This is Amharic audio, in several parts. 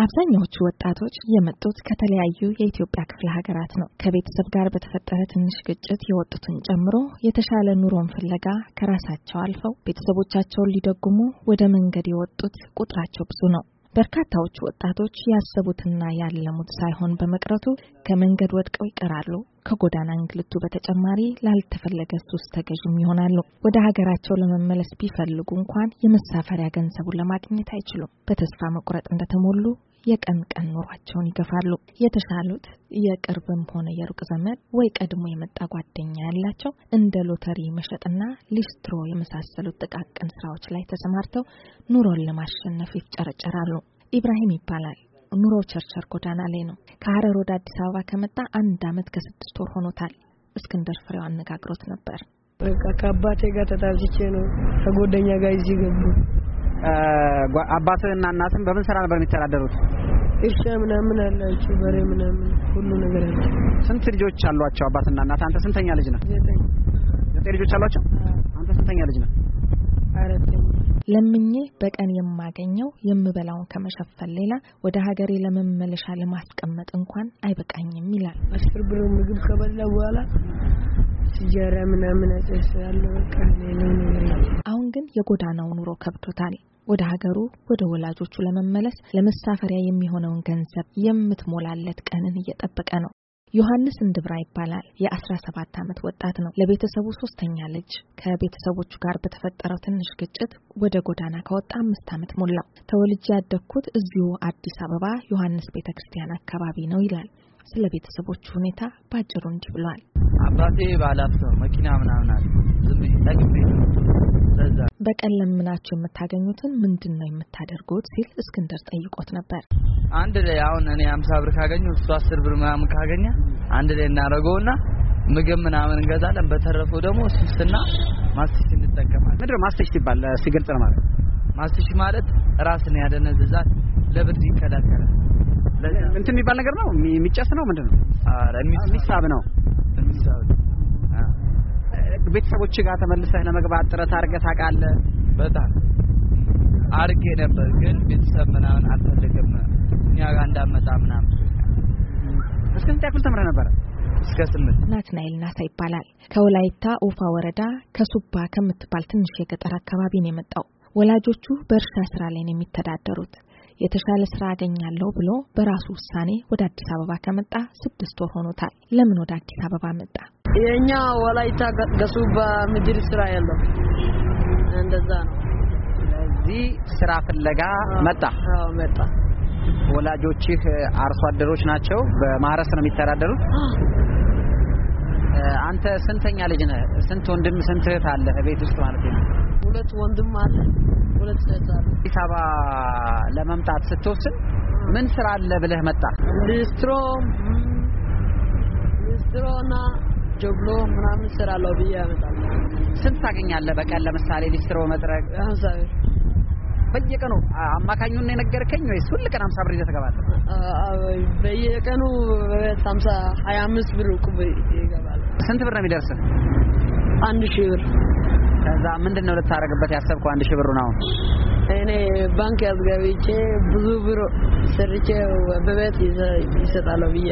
አብዛኛዎቹ ወጣቶች የመጡት ከተለያዩ የኢትዮጵያ ክፍለ ሀገራት ነው። ከቤተሰብ ጋር በተፈጠረ ትንሽ ግጭት የወጡትን ጨምሮ የተሻለ ኑሮን ፍለጋ ከራሳቸው አልፈው ቤተሰቦቻቸውን ሊደጉሙ ወደ መንገድ የወጡት ቁጥራቸው ብዙ ነው። በርካታዎቹ ወጣቶች ያሰቡትና ያለሙት ሳይሆን በመቅረቱ ከመንገድ ወድቀው ይቀራሉ። ከጎዳና እንግልቱ በተጨማሪ ላልተፈለገ ሱስ ተገዥም ይሆናሉ። ወደ ሀገራቸው ለመመለስ ቢፈልጉ እንኳን የመሳፈሪያ ገንዘቡን ለማግኘት አይችሉም። በተስፋ መቁረጥ እንደተሞሉ የቀን ቀን ኑሯቸውን ይገፋሉ። የተሻሉት የቅርብም ሆነ የሩቅ ዘመድ ወይ ቀድሞ የመጣ ጓደኛ ያላቸው እንደ ሎተሪ መሸጥና ሊስትሮ የመሳሰሉት ጥቃቅን ስራዎች ላይ ተሰማርተው ኑሮን ለማሸነፍ ይፍጨረጨራሉ። ኢብራሂም ይባላል። ኑሮ ቸርቸር ጎዳና ላይ ነው። ከሀረር ወደ አዲስ አበባ ከመጣ አንድ አመት ከስድስት ወር ሆኖታል። እስክንድር ፍሬው አነጋግሮት ነበር። በቃ ከአባቴ ጋር ተጣልቼ ነው ከጓደኛ ጋር እዚህ ገቡ አባትህና እናትህ በምን ስራ ነበር የሚተዳደሩት? እርሻ ምናምን አላችሁ፣ በሬ ምናምን ሁሉ ነገር አለ። ስንት ልጆች አሏቸው አባትና እናት? አንተ ስንተኛ ልጅ ነህ? ዘጠኝ ዘጠኝ ልጆች አሏቸው። አንተ ስንተኛ ልጅ ነህ? አራተኛ ለምኜ በቀን የማገኘው የምበላውን ከመሸፈን ሌላ ወደ ሀገሬ ለመመለሻ ለማስቀመጥ እንኳን አይበቃኝም ይላል። አስር ብር ምግብ ከበላ በኋላ ሲጃራ ምናምን አጨሳለሁ። በቃ ሌላ ነገር አሁን ግን የጎዳናው ኑሮ ከብቶታል። ወደ ሀገሩ ወደ ወላጆቹ ለመመለስ ለመሳፈሪያ የሚሆነውን ገንዘብ የምትሞላለት ቀንን እየጠበቀ ነው። ዮሐንስ እንድብራ ይባላል። የ17 ዓመት ወጣት ነው። ለቤተሰቡ ሶስተኛ ልጅ። ከቤተሰቦቹ ጋር በተፈጠረው ትንሽ ግጭት ወደ ጎዳና ከወጣ አምስት ዓመት ሞላው። ተወልጄ ያደግኩት እዚሁ አዲስ አበባ ዮሐንስ ቤተ ክርስቲያን አካባቢ ነው ይላል። ስለ ቤተሰቦቹ ሁኔታ ባጭሩ እንዲህ ብሏል። አባቴ ባለሀብት ነው። መኪና ምናምን አለ። ዝም ብዬ በቀን ለምናችሁ የምታገኙትን ምንድን ነው የምታደርጉት ሲል እስክንድር ጠይቆት ነበር። አንድ ላይ አሁን እኔ አምሳ ብር ካገኘ እሱ አስር ብር ምናምን ካገኘ አንድ ላይ እናደርገውና ምግብ ምናምን እንገዛለን። በተረፈው ደግሞ ስስትና ማስቲሽ እንጠቀማለን። ምንድን ነው ማስቲሽ ሲገልጽ ነው ማለት ማስቲሽ ማለት ራስን ያደነዝዛል፣ ለብርድ ይከላከላል። እንትን የሚባል ነገር ነው የሚጨስ ነው ምንድነው? አረ የሚሳብ ነው የሚሳብ ቤተሰቦች ጋር ተመልሰህ ለመግባት ጥረት አድርገህ ታውቃለህ? በጣም አድርጌ ነበር፣ ግን ቤተሰብ ምናምን አልፈልግም እኛ ጋር እንዳመጣ ምናምን። እስከ ያክል ተምረህ ነበረ? እስከ ስምንት። ናትናኤል ናሳ ይባላል። ከወላይታ ኡፋ ወረዳ ከሱባ ከምትባል ትንሽ የገጠር አካባቢ ነው የመጣው። ወላጆቹ በእርሻ ስራ ላይ ነው የሚተዳደሩት። የተሻለ ስራ አገኛለሁ ብሎ በራሱ ውሳኔ ወደ አዲስ አበባ ከመጣ ስድስት ወር ሆኖታል። ለምን ወደ አዲስ አበባ መጣ? የኛ ወላይታ ገሱባ ምድር ስራ የለም። እንደዛ ነው። ስለዚህ ስራ ፍለጋ መጣ። አዎ መጣ። ወላጆችህ አርሶ አደሮች ናቸው? በማረስ ነው የሚተዳደሩት? አንተ ስንተኛ ልጅ ነህ? ስንት ወንድም ስንት እህት አለ ቤት ውስጥ ማለት ነው? ሁለት ወንድም አለ፣ ሁለት እህት አለ። አዲስ አበባ ለመምጣት ስትወስን ምን ስራ አለ ብለህ መጣ? ሊስትሮ ሊስትሮና ጆብሎ ምናምን ስራ አለው ብዬ ያመጣል። ስንት ታገኛለህ በቀን ለምሳሌ ሊስትሮ መጥረግ? ሀምሳ ብር በየቀኑ አማካኙን የነገርከኝ ወይስ ሁል ቀን 50 ብር ይዘህ ትገባለህ? በየቀኑ 50 25 ብር ቁብ ይገባል። ስንት ብር ነው የሚደርስህ? 1000 ብር። ከዛ ምንድን ነው ልታደርግበት ያሰብከው 1000 ሺህ ብሩ ነው? እኔ ባንክ ያስገብቼ ብዙ ብሮ ሰርቼ በቤት ይሰጣለሁ ብዬ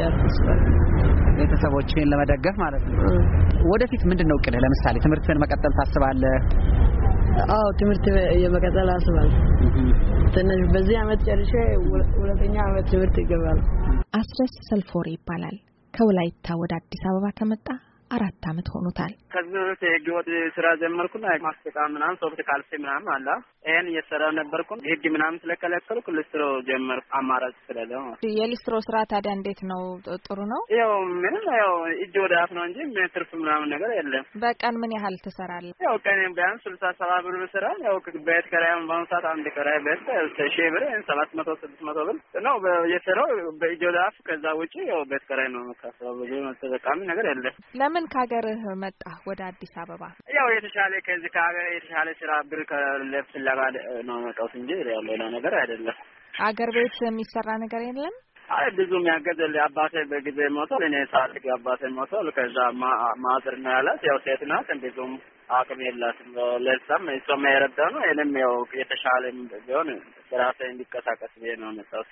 ቤተሰቦችን ለመደገፍ ማለት ነው። ወደፊት ምንድን ነው እቅድህ? ለምሳሌ ትምህርትን መቀጠል ታስባለህ? አዎ ትምህርት የመቀጠል አስባለሁ። ትንሽ በዚህ አመት ጨርሼ ሁለተኛ አመት ትምህርት ይገባል። አስረስ ሰልፎሪ ይባላል። ከወላይታ ወደ አዲስ አበባ ከመጣ አራት ዓመት ሆኖታል። ከዚህ በፊት የህገወጥ ስራ ጀመርኩና ማስጠቃ ምናምን ሶፍት ካልሲ ምናምን አለ ይህን እየሰራ ነበርኩ። ህግ ምናምን ስለከለከልኩ ልስትሮ ጀመር አማራጭ ስለለ የሊስትሮ ስራ ታዲያ እንዴት ነው? ጥሩ ነው። ያው ምንም ያው እጅ ወደ አፍ ነው እንጂ ትርፍ ምናምን ነገር የለም። በቀን ምን ያህል ትሰራለህ? ያው ቀን ቢያንስ ስልሳ ሰባ ብር ብሰራል። ያው ቤት ከራያም በአሁኑ ሰዓት አንድ ከራይ ቤት ሺህ ብር ሰባት መቶ ስድስት መቶ ብር ነው የሰራው በእጅ ወደ አፍ። ከዛ ውጭ ያው ቤት ከራይ ነው የምካፈለው። ብዙ ተጠቃሚ ነገር የለም። ከምን ከሀገርህ መጣህ ወደ አዲስ አበባ? ያው የተሻለ ከዚህ ከሀገር የተሻለ ስራ ብር ከለፍ ለማድ ነው መጣሁት እንጂ ያው ሌላ ነገር አይደለም። አገር ቤት የሚሰራ ነገር የለም። አይ ብዙ ያገዘል አባቴ በጊዜ ሞቷል። እኔ ሳልግ አባቴ ሞቷል። ከዛ ማዝር ነው ያላት። ያው ሴት ናት፣ ብዙም አቅም የላትም። ለዛም እሷም የረዳ ነው። እኔም ያው የተሻለ ቢሆን ራሴ እንዲቀሳቀስ ብዬ ነው መጣሁት።